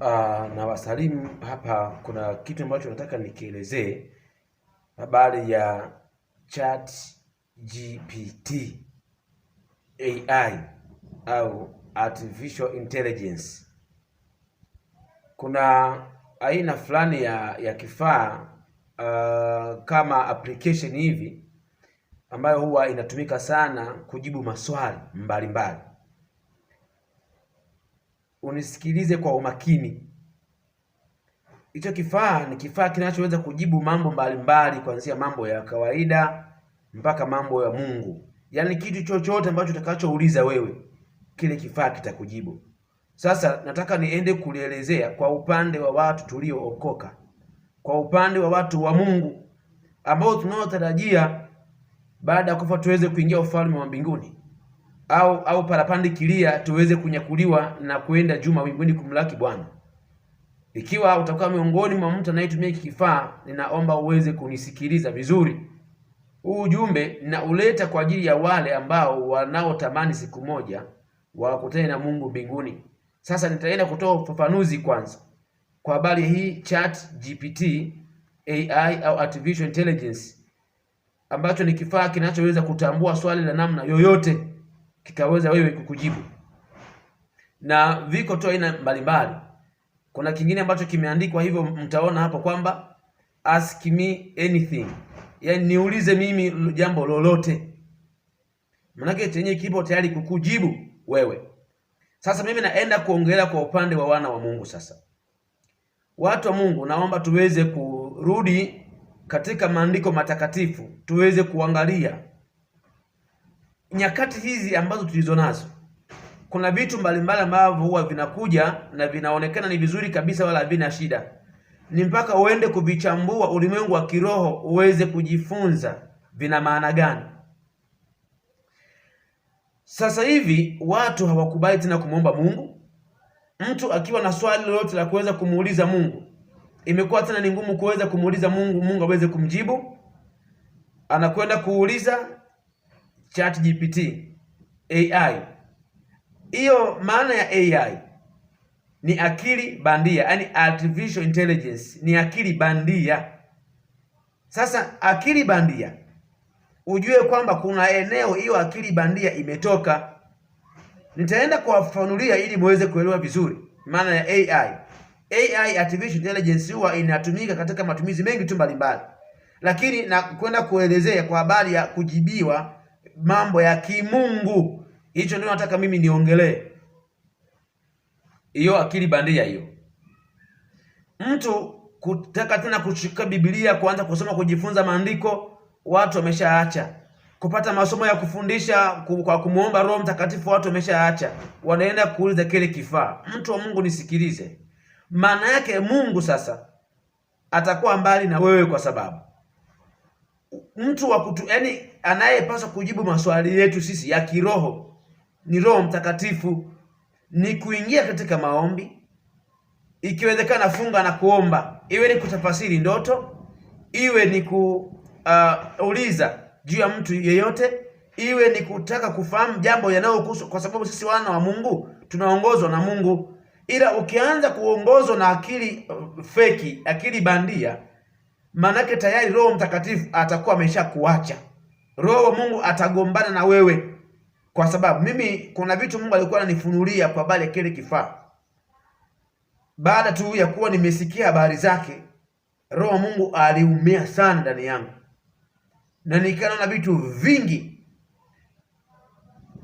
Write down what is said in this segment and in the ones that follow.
Uh, na wasalimu hapa, kuna kitu ambacho nataka nikielezee habari ya Chat GPT AI au artificial intelligence. Kuna aina fulani ya, ya kifaa uh, kama application hivi ambayo huwa inatumika sana kujibu maswali mbalimbali mbali unisikilize kwa umakini. Hicho kifaa ni kifaa kinachoweza kujibu mambo mbalimbali, kuanzia mambo ya kawaida mpaka mambo ya Mungu. Yaani kitu chochote ambacho utakachouliza wewe, kile kifaa kitakujibu. Sasa nataka niende kulielezea kwa upande wa watu tuliookoka, kwa upande wa watu wa Mungu ambao tunaotarajia baada ya kufa tuweze kuingia ufalme wa mbinguni au au parapanda kilia, tuweze kunyakuliwa na kuenda juu mawinguni kumlaki Bwana. Ikiwa utakuwa miongoni mwa mtu anayetumia hiki kifaa, ninaomba uweze kunisikiliza vizuri. Huu ujumbe ninauleta kwa ajili ya wale ambao wanaotamani siku moja wakutane na Mungu mbinguni. Sasa nitaenda kutoa ufafanuzi kwanza kwa habari hii Chat GPT AI au artificial intelligence, ambacho ni kifaa kinachoweza kutambua swali la namna yoyote kikaweza wewe kukujibu, na viko tu aina mbalimbali. Kuna kingine ambacho kimeandikwa hivyo, mtaona hapo kwamba ask me anything, yaani niulize mimi jambo lolote, manake chenye kipo tayari kukujibu wewe. Sasa mimi naenda kuongelea kwa upande wa wana wa Mungu. Sasa watu wa Mungu, naomba tuweze kurudi katika maandiko matakatifu tuweze kuangalia nyakati hizi ambazo tulizo nazo kuna vitu mbalimbali ambavyo huwa vinakuja na vinaonekana ni vizuri kabisa, wala havina shida. Ni mpaka uende kuvichambua ulimwengu wa kiroho uweze kujifunza vina maana gani. Sasa hivi watu hawakubali tena kumwomba Mungu. Mtu akiwa na swali lolote la kuweza kumuuliza Mungu, imekuwa tena ni ngumu kuweza kumuuliza Mungu, Mungu aweze kumjibu. Anakwenda kuuliza Chat GPT, AI. Hiyo maana ya AI ni akili bandia, yani artificial intelligence ni akili bandia. Sasa akili bandia, ujue kwamba kuna eneo hiyo akili bandia imetoka. Nitaenda kuwafanulia ili muweze kuelewa vizuri maana ya AI. AI, artificial intelligence, huwa inatumika katika matumizi mengi tu mbalimbali, lakini na kwenda kuelezea kwa habari ya kujibiwa mambo ya kimungu. Hicho ndio nataka mimi niongelee, hiyo akili bandia hiyo. Mtu kutaka tena kushika Biblia kuanza kusoma kujifunza maandiko, watu wameshaacha kupata masomo ya kufundisha kwa kumwomba Roho Mtakatifu, watu wameshaacha, wanaenda kuuliza kile kifaa. Mtu wa Mungu, nisikilize. Maana yake Mungu sasa atakuwa mbali na wewe kwa sababu mtu wa kutu, yani anayepaswa kujibu maswali yetu sisi ya kiroho ni Roho Mtakatifu, ni kuingia katika maombi, ikiwezekana funga na kuomba, iwe ni kutafasiri ndoto, iwe ni kuuliza uh, juu ya mtu yeyote, iwe ni kutaka kufahamu jambo yanayokuhusu, kwa sababu sisi wana wa Mungu tunaongozwa na Mungu. Ila ukianza kuongozwa na akili uh, feki, akili bandia maanake tayari Roho Mtakatifu atakuwa kuacha Roho wa Mungu atagombana na wewe, kwa sababu mimi kuna vitu Mungu alikuwa ananifunulia kwa bale kile kifaa. Baada tu ya kuwa nimesikia habari zake, Roho wa Mungu aliumia sana ndani yangu, na nikaona vitu vingi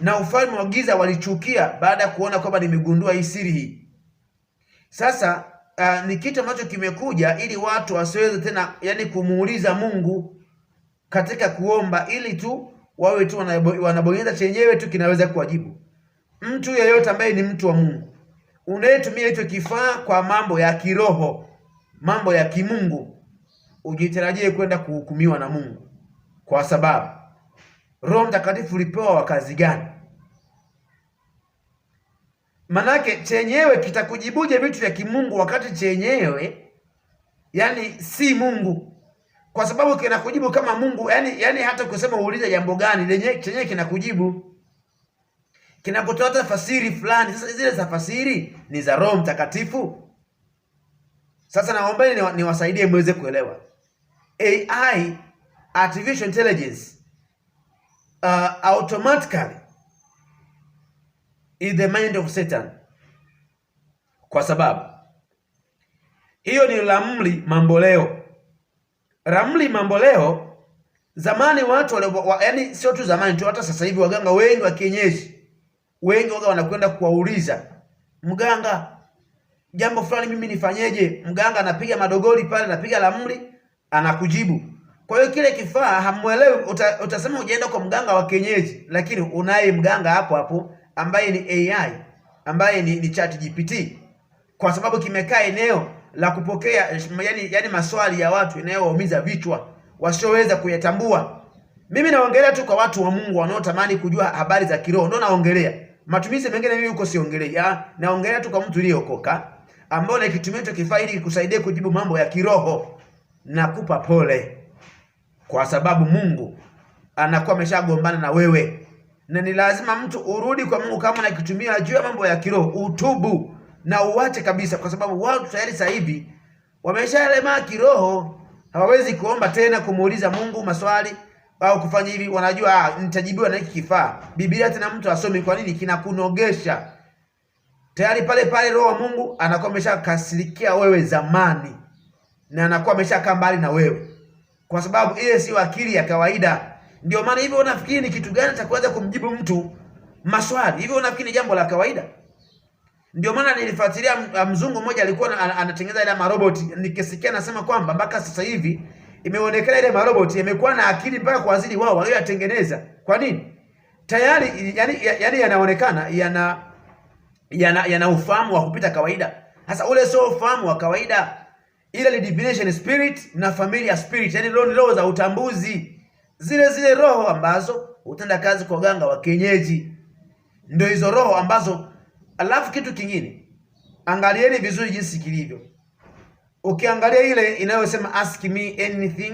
na ufalme wa giza walichukia baada ya kuona kwamba nimegundua hii siri hii. Sasa uh, ni kitu ambacho kimekuja ili watu wasiweze tena yani kumuuliza Mungu katika kuomba, ili tu wawe tu wanabonyeza chenyewe tu kinaweza kuwajibu. Mtu yeyote ambaye ni mtu wa Mungu unayetumia hicho kifaa kwa mambo ya kiroho, mambo ya kimungu, ujitarajie kwenda kuhukumiwa na Mungu, kwa sababu Roho Mtakatifu ulipewa wa kazi gani? manake chenyewe kitakujibuje vitu vya kimungu wakati chenyewe yani si Mungu, kwa sababu kinakujibu kama Mungu yani, yani hata kusema uulize jambo gani lenye chenyewe kinakujibu, kinakutoa tafasiri fulani. Sasa zile tafasiri ni za Roho Mtakatifu. Sasa naombeni niwasaidie mweze kuelewa AI, artificial intelligence, uh, automatically in the mind of Satan, kwa sababu hiyo ni ramli mamboleo. Ramli mamboleo zamani watu wale, wa, yani sio tu zamani tu, hata sasa hivi waganga wengi wa kienyeji wengi waga wanakwenda kuwauliza mganga, jambo fulani mimi nifanyeje? Mganga anapiga madogoli pale, anapiga ramli, anakujibu. Kwa hiyo kile kifaa hamwelewi, uta, utasema kwa mganga wa kienyeji, lakini unaye mganga hapo hapo ambaye ni AI ambaye ni, ni chat GPT kwa sababu kimekaa eneo la kupokea yani, yani maswali ya watu yanayowaumiza vichwa wasioweza kuyatambua. Mimi naongelea tu kwa watu wa Mungu wanaotamani kujua habari za kiroho, ndio naongelea. Matumizi mengine mimi huko siongelea, ah, naongelea tu kwa mtu uliokoka ambao nakitumia hicho kifaa ili kusaidia kujibu mambo ya kiroho. Nakupa pole kwa sababu Mungu anakuwa ameshagombana na wewe na ni lazima mtu urudi kwa Mungu kama unakitumia juu ya mambo ya kiroho, utubu na uwache kabisa, kwa sababu watu tayari sasa hivi wameshalemaa kiroho, hawawezi kuomba tena kumuuliza Mungu maswali au kufanya hivi. Wanajua ah, nitajibiwa na hiki kifaa. Biblia tena mtu asomi, kwa nini? Kinakunogesha tayari pale pale. Roho wa Mungu anakuwa ameshakasirikia wewe zamani, na anakuwa ameshakaa mbali na wewe, kwa sababu ile sio akili ya kawaida. Ndio maana hivyo, unafikiri ni kitu gani cha kuanza kumjibu mtu maswali hivyo? Unafikiri ni jambo la kawaida? Ndio maana nilifuatilia ah, mzungu mmoja alikuwa anatengeneza ile maroboti, nikisikia anasema kwamba mpaka sasa hivi imeonekana ile maroboti imekuwa na akili mpaka kwa kuwazidi wao walioyatengeneza. Kwa nini? Tayari yani, yani yanaonekana yana yana yana ufahamu wa kupita kawaida. Sasa ule sio ufahamu wa kawaida, ile divination spirit na familia spirit, yani roho za utambuzi zile zile roho ambazo hutenda kazi kwa ganga wa kienyeji, ndio hizo roho ambazo. Alafu kitu kingine, angalieni vizuri jinsi kilivyo. Ukiangalia ile inayosema ask me anything,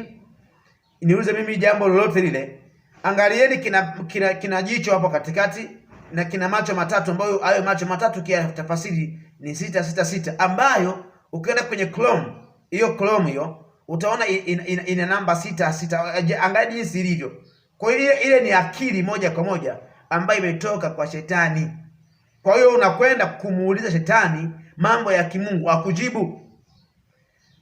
niulize mimi jambo lolote lile, angalieni kina, kina, kina jicho hapo katikati na kina macho matatu, ambayo hayo macho matatu kia tafasiri ni sita sita sita, ambayo ukienda kwenye Chrome hiyo Chrome hiyo utaona ina, ina, ina namba sita sita. Angalia jinsi ilivyo. Kwa hiyo ile, ni akili moja kwa moja ambayo imetoka kwa shetani. Kwa hiyo unakwenda kumuuliza shetani mambo ya kimungu akujibu.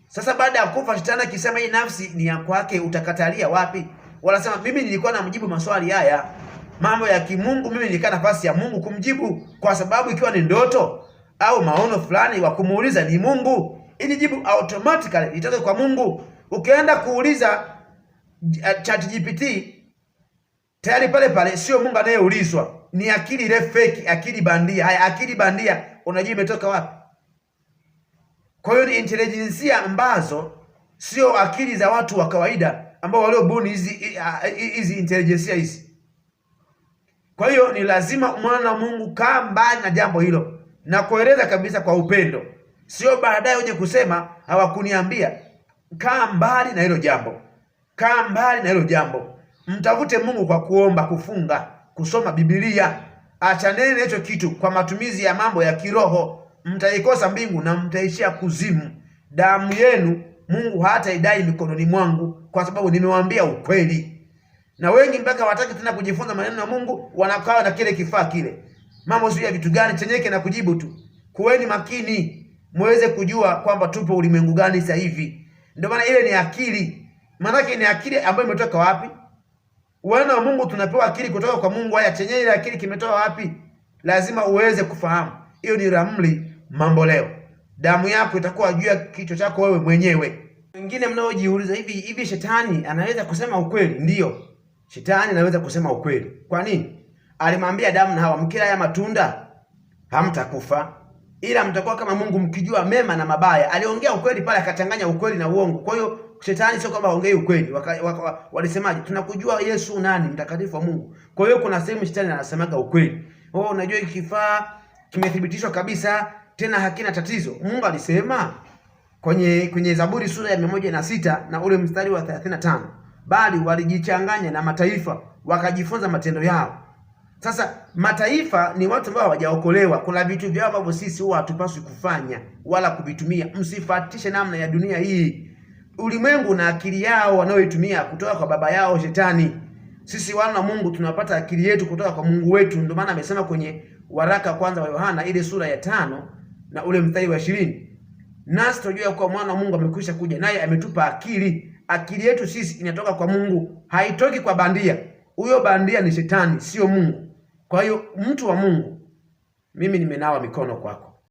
Sasa baada ya kufa shetani akisema hii nafsi ni ya kwake, utakatalia wapi? Wanasema mimi nilikuwa namjibu maswali haya mambo ya kimungu, mimi nilikaa nafasi ya Mungu kumjibu, kwa sababu ikiwa ni ndoto au maono fulani, wa kumuuliza ni Mungu ili jibu automatically litatoka kwa Mungu. Ukienda kuuliza eh, chat GPT tayari pale pale, sio Mungu anayeulizwa, ni akili ile fake, akili bandia. Haya, akili bandia unajua imetoka wapi? Kwa hiyo ni intelijensia ambazo sio akili za watu wa kawaida ambao waliobuni hizi hizi intelijensia hizi. Kwa hiyo ni lazima mwana Mungu kaa mbali na jambo hilo na kueleza kabisa kwa upendo sio baadaye uje kusema hawakuniambia. Kaa mbali na hilo jambo, kaa mbali na hilo jambo. Mtafute Mungu kwa kuomba, kufunga, kusoma Biblia. Achaneni na hicho kitu kwa matumizi ya mambo ya kiroho. Mtaikosa mbingu na mtaishia kuzimu. Damu yenu Mungu hata hataidai mikononi mwangu, kwa sababu nimewaambia ukweli. Na wengi mpaka wataki tena kujifunza maneno ya Mungu, wanakaa na kile kifaa kile, mambo sio ya vitu gani, chenyeke na kujibu tu. Kuweni makini muweze kujua kwamba tupo ulimwengu gani sasa hivi. Ndio maana ile ni akili, maanake ni akili ambayo imetoka wapi? Wana wa Mungu tunapewa akili kutoka kwa Mungu. Haya, chenye ile akili kimetoka wapi? Lazima uweze kufahamu. Hiyo ni ramli mambo leo, damu yako itakuwa juu ya kichwa chako wewe mwenyewe. Wengine mnaojiuliza hivi hivi, shetani anaweza kusema ukweli? Ndiyo, shetani anaweza kusema ukweli. Kwa nini? Alimwambia Adamu na Hawa, mkila ya matunda hamtakufa ila mtakuwa kama Mungu mkijua mema na mabaya. Aliongea ukweli pale, akachanganya ukweli na uongo. Kwa hiyo shetani sio kwamba aongei ukweli, walisemaje? Tunakujua Yesu nani, mtakatifu wa Mungu. Kwa hiyo kuna sehemu shetani anasemaga ukweli, oh, unajua hiki kifaa kimethibitishwa kabisa, tena hakina tatizo. Mungu alisema kwenye kwenye Zaburi sura ya mia moja na sita na ule mstari wa 35, bali walijichanganya na mataifa wakajifunza matendo yao sasa mataifa ni watu ambao hawajaokolewa. Kuna vitu vyao ambavyo sisi huwa hatupaswi kufanya wala kuvitumia. Msifatishe namna ya dunia hii, ulimwengu na akili yao wanayoitumia kutoka kwa baba yao Shetani. Sisi wana Mungu tunapata akili yetu kutoka kwa Mungu wetu. Ndio maana amesema kwenye waraka kwanza wa Yohana ile sura ya tano na ule mstari wa ishirini, nasi tunajua kuwa mwana wa Mungu amekwisha kuja, naye ametupa akili. Akili yetu sisi inatoka kwa Mungu, haitoki kwa bandia. Huyo bandia ni Shetani, sio Mungu. Kwa hiyo mtu wa Mungu, mimi nimenawa mikono kwako.